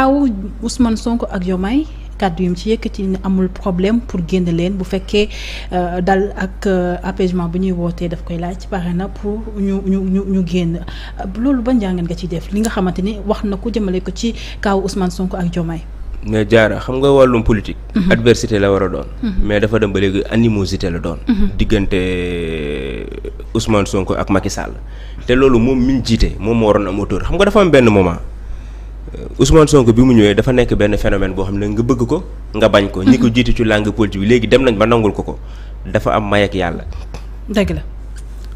kaaw Ousmane Sonko ak Diomaye kàddu yum ci yëkkati ne amul problème pour génn leen bu fekkee euh, dal ak euh, apaisement bu ñuy wootee daf koy laaj pare na pour ñu ñu ñu ñu génn euh, loolu ba njàngat nga ci def li nga xamante ni wax na ko jëmale ko ci kaaw Ousmane Sonko ak Diomaye mais jaara xam nga wàllum politique. Mhm. adversité la war a doon. Mhm. mais dafa dem ba léegi animosité la doon. Mhm. diggante Ousmane Sonko ak Macky Sall. te loolu moom mi jiite moom moo waroon am auteur xam Euh, Ousmane Sonko bi mu ñëwee dafa nekk benn phénomène boo xam ne nga bëgg ko nga bañ ko. ñi ko jiitu ci langue politique bi léegi dem nañ ba nangul ko ko dafa am may ak yàlla. dëgg la.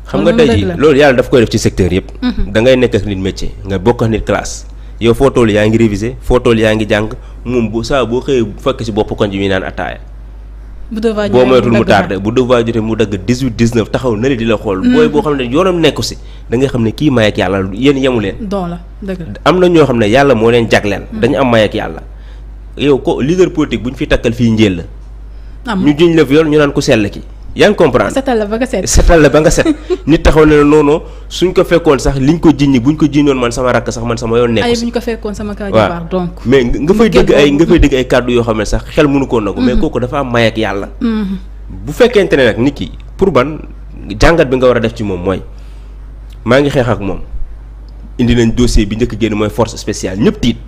xam nga tey jii loolu yàlla daf koy def ci secteur yëpp. Mhm. da ngay nekk ak nit métier nga bokk ak nit classe. yow foo toll yaa ngi révisé foo toll yaa ngi jàng moom bu saa boo xëyee bu fekk si bopp koñ ji muy naan ataaya. boo moytul mu tardé bu devoir jotee mu dagg 18 19 taxaw na li di la xool. Mhm. booy boo xam ne yoonam nekku ngay xam ne kii may ak yàlla yéen yemu leen. don am na ñoo xam ne yàlla moo leen jagleel. Hmm. dañu am may ak yàlla. yow ko leader politique bu ñu fi takkal fii njéel la. ñu jiñ la viol ñu naan ku sell ki yaa ngi comprendre setal la ba nga set setal la nit taxaw ne la noonu suñ ko fekkoon sax liñ ko jiñ buñ ko jiñoon man sama rakk sax man sama yoon nekk buñ ko fekkoon sama kaw jabar donc mais nga fay dégg ay kàddu yoo xam ne sax xel mënu koo nagu mais mm-hmm. kooku dafa am may ak yàlla mm-hmm. bu fekkente ne nag nit ki pour ban jàngat bi nga war a def ci moom mooy maa ngi xeex ak moom indi nañ dossier bi njëkk génn mooy force spéciale ñëpp tiit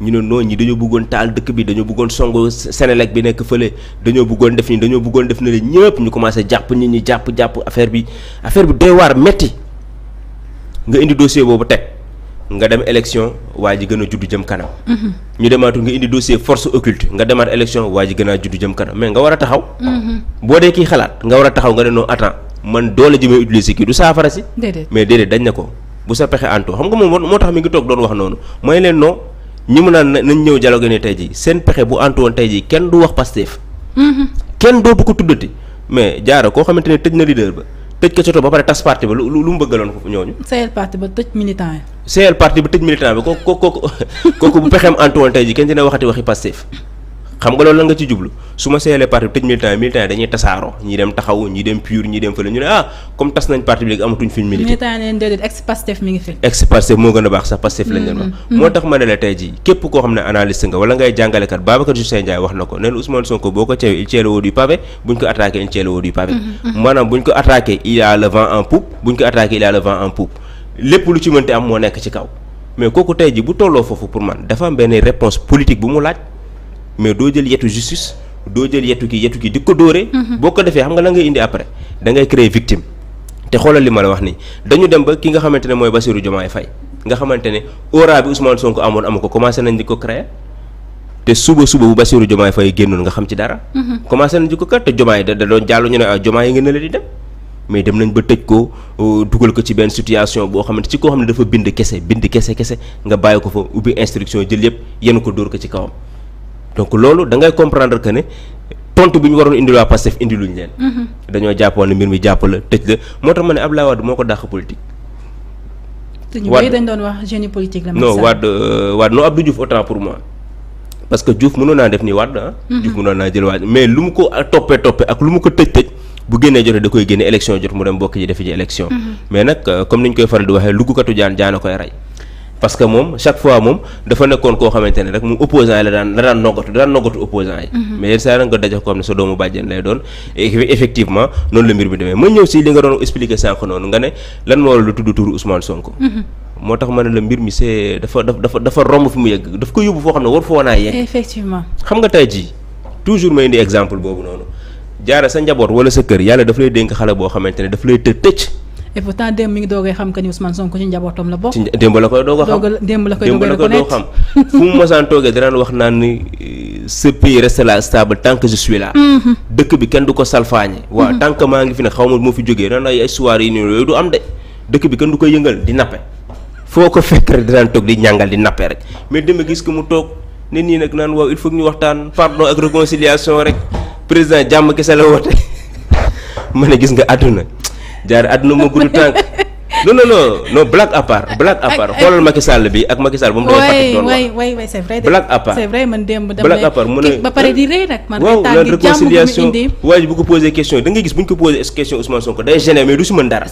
ñu ne noonu ñi dañoo bëggoon taal dëkk bi dañoo bëggoon songu Senelec bi nekk fële dañoo bëggoon def nii dañoo bëggoon def na le ñëpp ñu commencé jàpp nit ñi jàpp jàpp affaire bi affaire bi doy waar metti nga indi dossier boobu teg nga dem election waa ji gën a juddu jëm kanam. Mhm. ñu demaatul nga indi dossier force occulte nga demaat élection waa ji gën a juddu jëm kanam mais nga war a taxaw. Mhm. boo dee kii xalaat nga war a taxaw nga ne non attends man doole ji may utiliser du saafara si. déedéet mais déedéet dañ na ko. bu sa pexe antu xam nga moom moo tax mi ngi toog doon wax noonu mooy leen non ñi mu naan nañ ñëw dialogue ne tey ji seen pexe bu antu woon tey jii kenn du wax Pastef mm-hmm. kenn dootu ko tuddati mais jaara koo xamante ne tëj na leader ba tëj ko soto ba lu lu mu bëggaloon ko ñooñu. seyal parti ba tëj militant yi. seyal parti ba tëj militant bi kooku kooku kooku bu pexeem antu woon tey jii dina waxati waxi Pastef xam nga loolu la nga ci jublu su ma seelee parti bi tëj militant yi militant yi dañuy tasaaroo ñi dem taxaw ñi dem pur ñi dem fële ñu ne ah comme tas nañ parti bi léegi amatuñ fi ñu milité militant neen déedéet ex pastef mi ngi fi moo gën a baax sax pastef lañ leen wax mm-hmm. moo mm-hmm. tax ma ne la tey ji képp koo xam ne analyste nga wala ngay jàngalekat Babacar Justin Ndiaye wax na ko neen Ousmane Sonko boo ko ceewee il tient le haut du bu ñu mm-hmm. ko attaqué il a le vent en poupe bu a le vent en am moo nekk ci kaw mais kooku tey ji bu tolloo foofu pour man dafa am benn réponse politique laaj mais doo jël yetu justice doo jël yetu ki yetu ki di ko dóoree. Mhm. boo ko defee xam nga la ngay indi après da ngay créer victime. te xoolal li ma la wax nii dañu dem ba ki nga xamante ne mooy Bassirou Diomaye fay nga xamante ne aura bi Ousmane Sonko amoon amu ko commencé nañ di ko créer te suba suba bu Bassirou Diomaye fay génnoon nga xam ci dara. Mhm. commencé nañ di ko kat te Diomaye da da doon jàll ñu ne ah Diomaye ngeen la di dem. mais dem nañ ba tëj ko euh, dugal ko ci benn situation boo xamante ci koo xam dafa bind kese bind kese kese nga bàyyi ko fa ubbi instruction jël yëpp yenn ko dóor ko ci kawam. donc loolu da ngay comprendre que ne tontu bi ñu waroon indil waa Pastef indiluñ leen. Mhm. dañoo jàppoon ne mbir mi jàpp la tëj la moo tax ma ne Abdoulaye Wade moo ko dàq politique. waat dañ doon wax génie politique la. non Wade euh, Wade non Abdou Diouf autant pour moi. parce que Diouf mënoon naa def ni waa ah. Mhm. Diouf mënoon naa jël Wade mais lu mu ko toppee toppee ak lu mu ko tëj tëj. bu génnee jotee da koy génne élection jot mu dem bokk ji defi ji élection. Mhm. mais nag euh, comme ni ñu koy faral di waxee luggukatu jaan jaana koy rey. parce que moom chaque fois moom dafa nekkoon koo xamante ne rek mu opposant yi la daan la daan noggatu da daan noggatu opposant yi mhm. mais yenn nga dajox ko xam ne sa doomu bàjjen lay doon effectivement noonu la mbir mi demee ma moo waral lu tudd turu Ousmane Sonko mhm. moo tax ma ne dafa dafa dafa romb fi mu yegg daf ko yóbbu foo xam ne war foo naa yegg effectivement xam nga tey jii toujours may indi exemple boobu noonu jaara sa njaboot wala sa kër yàlla daf lay dénk xale boo xamante ne daf lay të tëcc et pourtant démb mi ngi doogee xam que la koy doog a xam démb la koy doog xam fu mu mosaan toogee danaan wax naan ni euh, ce stable tant que je mm-hmm. dëkk bi kenn du ko salfaañe. Mm-hmm. waaw tant que maa ngi fi ne xaw ma moo fi jógee nan ay histoire yi nii yooyu du am de dëkk bi kenn du ko yëngal di nappe foo ko fekk rek danaan toog di ñàngal di nappe rek mais a gis ko mu toog nit ñi nag naan waaw il faut ñu waxtaan pardon ak réconciliation rek président jàmm kese la woote ma ne gis nga àdduna jaar àdduna ma gudd tànk non non non non blague à part blague à part xoolal Macky Sall bi ak Macky Sall ba mu mu ne ba bu ko posé question da gis bu ñu ko posé question Ousmane Sonko day gêné mais du ci mën dara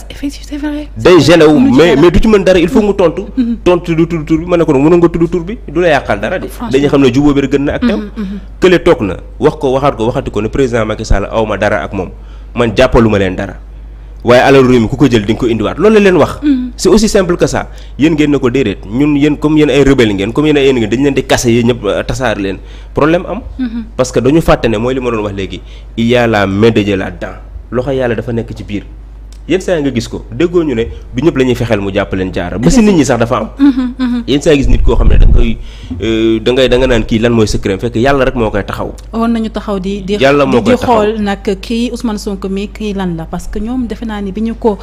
day gêné mais mais du ci mën dara il faut mu tontu mm-hmm. tontu du tudd tur bi ma ne ko mënoon nga tudd tur bi du la yàqal dara de dañuy xam ne jubóo bi rek gën na ak tam mm-hmm, mm-hmm. kële waaye alal réew mi ku ko jël di nga ko indiwaat loolu leen wax. Mm-hmm. c'est aussi simple que ça ngeen ne ko déedéet ñun yéen comme yéen ay rebelle ngeen comme yéen ay yéen ngeen dañu leen di kase yéen euh, tasaar leen problème am. Mm-hmm. parce dañu fàtte mooy li ma doon wax léegi il y a la main de Dieu là-dedans loxo yàlla dafa nekk ci biir. yenn saa nga gis ko déggoo ñu ne du ñëpp la fexeel mu jàpp leen jaara ba si nit ñi sax dafa am mm-hmm, mm-hmm. yenn saa gis nit koo xam ne da nga koy euh, da naan kii lan mooy secret fekk rek moo koy taxaw woon nañu taxaw di di yàlla moo koy taxaw di xool nag kii Ousmane Sonko mi kii lan la parce que ñoom defe naa ni bi ñu ko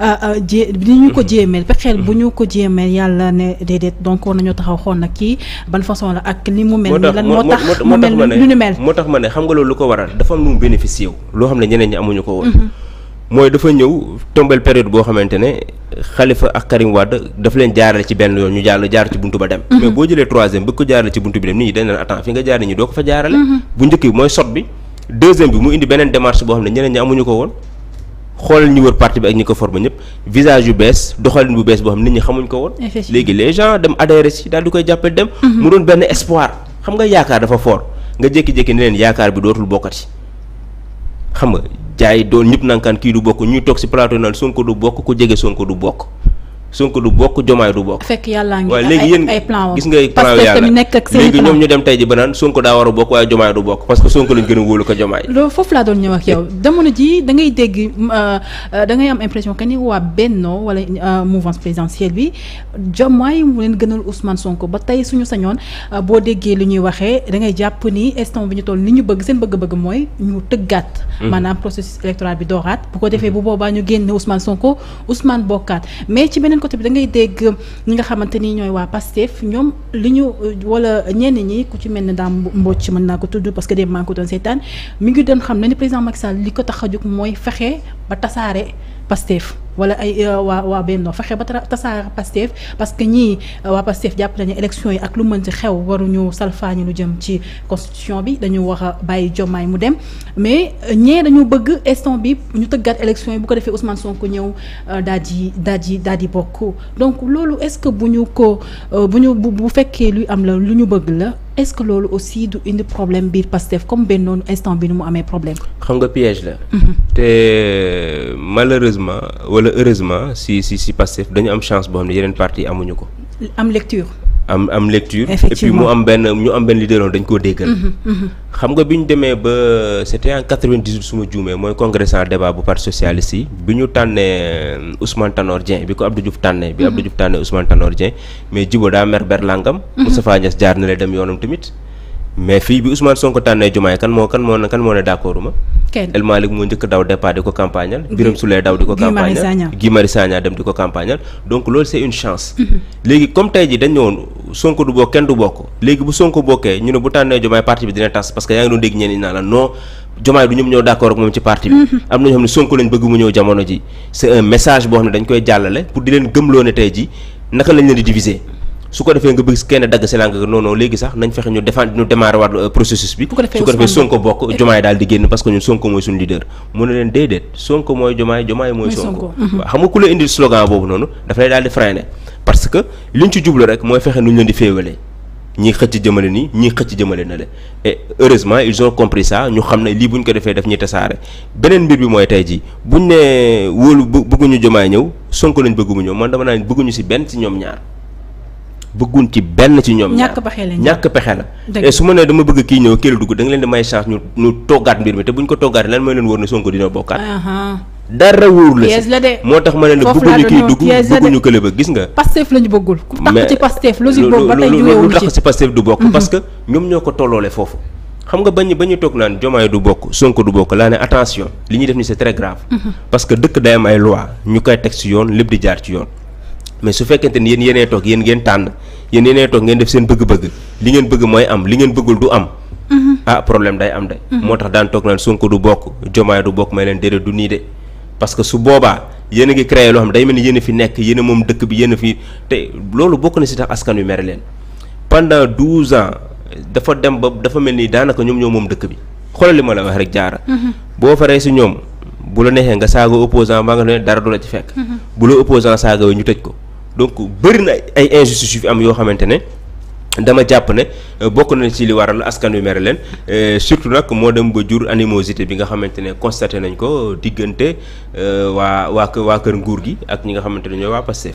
euh, euh, jé bi ñu ko mm-hmm. jéemeel pexeel bu ñu ko jéemeel yàlla ne déedéet donc war nañoo taxaw xool nag kii ban façon la ak li mu mel moo tax mu mel lu ñu mel moo tax ma ne xam nga loolu lu ko waral dafa am lu mu bénéficié loo xam ne ñeneen ñi amuñu ko woon mooy dafa ñëw tombel période boo xamante ne Khalifa ak Karim Wade daf leen jaarale ci benn yoon ñu jàll jaar ci bunt ba dem mhm. mais boo jëlee troisième bëgg ko jaarale ci buntu bi dem nit ñi dañ naan attends nga jaar ñi doo ko fa jaarale mhm. bu njëkk mooy sot bi deuxième bi mu indi beneen démarche boo xam ne ñeneen ñi amuñu ko woon xoolal ñu wër parti bi ak ñi ko formé ñëpp visage yu bees doxalin bu bees boo xam ñi xamuñ ko woon léegi les gens dem adhéré si daal di koy jàppale dem mhm. mu doon benn espoir xam nga yaakaar dafa fort nga jékki-jékki ne leen yaakaar bi dootul bokkati xam nga jaay doon ñëpp nankaan kii du bokk ñuy toog si plateau naan Sonko du bokk ku jege Sonko du bokk Sonko du bokk Jomaay du bokk. fekk yàlla ngi ay léegi yéen gis ngay plan yàlla léegi ñoom ñu dem tey ji ba naan Sonko daa war a bokk waaye Jomaay du bokk parce que Sonko lañ gën a wóolu ko Jomaay. loolu foofu laa doon ñëw ak yow jamono ji da ngay dégg euh, euh, da ngay am impression que ni waa Benno wala euh, mouvance présidentielle bi Jomaay mu leen gënal Ousmane Sonko ba tey suñu sañoon boo déggee li ñuy waxee da ngay jàpp ni instant bi ñu toll ni ñu bëgg seen bëgg-bëgg mooy ñu tëggaat. Mm-hmm. maanaam processus électoral bi dooraat bu ko defee bu boobaa ñu génne Ousmane Sonko Ousmane bokkaat mais ci beneen beneen côté bi dangay ngay dégg ñi nga xamante ni ñooy waa Pastef ñoom li ñu wala ñenn ñi ku ci mel ne daam mbocc mën naa ko tudd parce que dem maa ko doon seetaan mi ngi doon xam ne ni président Macky Sall li ko tax a jóg mooy fexe ba tasaare Pastef wala ay euh, waa waa Benno fexe ba tasaare Pastef parce que ñii euh, waa Pastef jàpp nañu élection yi ak lu mën ci xew waruñu salfaañi lu jëm ci constitution bi dañu wax a bàyyi Diomaye mu dem mais euh, ñee dañu bëgg instant bi ñu tëggaat élection yi bu ko defee son Sonko ñëw daal di daal di daal di bokk donc loolu est-ce que bu ñu ko bu ñu bu fekkee luy am la lu ñu bëgg la. est-ce que loolu aussi du indi problème biir Pastef comme benn noonu instant bi nu mu amee problème. xam nga piège la. Mhm. te malheureusement wala heureusement si si si Pastef dañu am chance boo xam ne yeneen partie amuñu ko. am lecture. am am lecture et puis mu am benn ñu am benn leader dañ koo déggal mm-hmm, mm-hmm. xam nga bi ñu demee ba c'était en 98 su ma juumee mooy congrès sans bu parti socialiste yi bi ñu tànnee euh, Ousmane Tanor Dieng bi ko Abdou Diouf tànnee bi mm-hmm. Abdou Diouf tànnee Ousmane Tanor Dieng mais jibo daa mer ber langam Moustapha Niass jaar na la dem yoonam tamit mais fii bi Ousmane Sonko tànnee Diomaye kan moo kan moo ne kan moo moo njëkk daw départ di ko campagnal Birame Sonko du bokk kenn du bokk léegi bu Sonko bokkee ñu ne bu tànnee Jomaay parti bi dina tas parce que yaa ngi doon dégg ñenn ñi naan la non Jomaay du ñoom ñoo moom ci parti bi. Mm-hmm. am na ñoo xam ne Sonko lañ bëgg mu ñëw jamono ji c'est message boo xam ne dañ koy jàllale pour di leen gëmloo ne tey ji naka lañ leen di diviser. su ko defee nga bëgg kenn dagg si langue non non léegi sax nañ fexe ñu défendre ñu démarrer waat euh, processus bi. su ko defee Sonko bokk Jomaay daal di génn parce que ñun mooy suñu leader. mu ne leen déedéet Sonko mooy Jomaay Jomaay mooy. Sonko waaw mhm. xam nga ku rek mooy fexe nu ñu leen di féewalee. ñii nii ñii xëcc jëmale na le et heureusement ils ñu xam ne lii bu ko defee daf ñuy tasaare beneen mbir bi mooy tey jii buñ ne wóolu bëgguñu jomaay ñëw sonko lañ bëggu mu ñëw man dama naa bëgguñu si benn si ñoom ñaar bëggun ci benn ci ñoom ñaar ñàkk pexe la et su ma nee dama bëgg kii ñëw kii la dugg da leen di chance ñu ñu toggaat mbir mi te bu ñu ko toggaat lan mooy leen wóor ne Sonko dina bokkaat dara moo ma kële ba gis nga Pastef lañu bëggul ku tax ci Pastef logique boobu ba tey lu tax ci Pastef du bokk mm-hmm. parce ñoom ñoo ko tolloole foofu xam nga bañ ba ñu naan jomaay du bokk Sonko du bokk laa ne attention li ñuy def ni c'est très grave mm-hmm. parce dëkk day am ay loi ñu koy teg ci yoon lépp di jaar ci yoon mais su fekkente ni yéen yéenee toog yéen ngeen tànn yéen yéenee toog ngeen def seen bëgg-bëgg li ngeen bëgg mooy am li ngeen bëggul du am. Mhm. ah problème day am de. Mhm. moo tax daan toog naan Sonko du bokk Jomaay du bokk may leen déedéet du nii parce que su boobaa yéen a ngi loo day mel ni yéen fi nekk yéen moom dëkk bi yéen a fi loolu bokk na si tax askan wi mere leen pendant 12 ans dafa dem ba dafa mel nii daanaka ñoom ñoom moom dëkk bi xoolal li ma la wax rek jaara. Mhm. boo faree si ñoom bu la neexee nga saaga opposant maa nga ne dara du la ci fekk. bu la opposant saaga we ñu tëj ko. donc bëri na ay injustice yu am yoo xamante ne dama jàpp ne euh, bokk na ci li waral askan wi mere leen euh, surtout nag moo dem ba jur animosité bi nga xamante ne constaté nañ ko diggante euh, waa waa waa kër nguur gi ak ñi nga xamante ne ñooy waa Pastef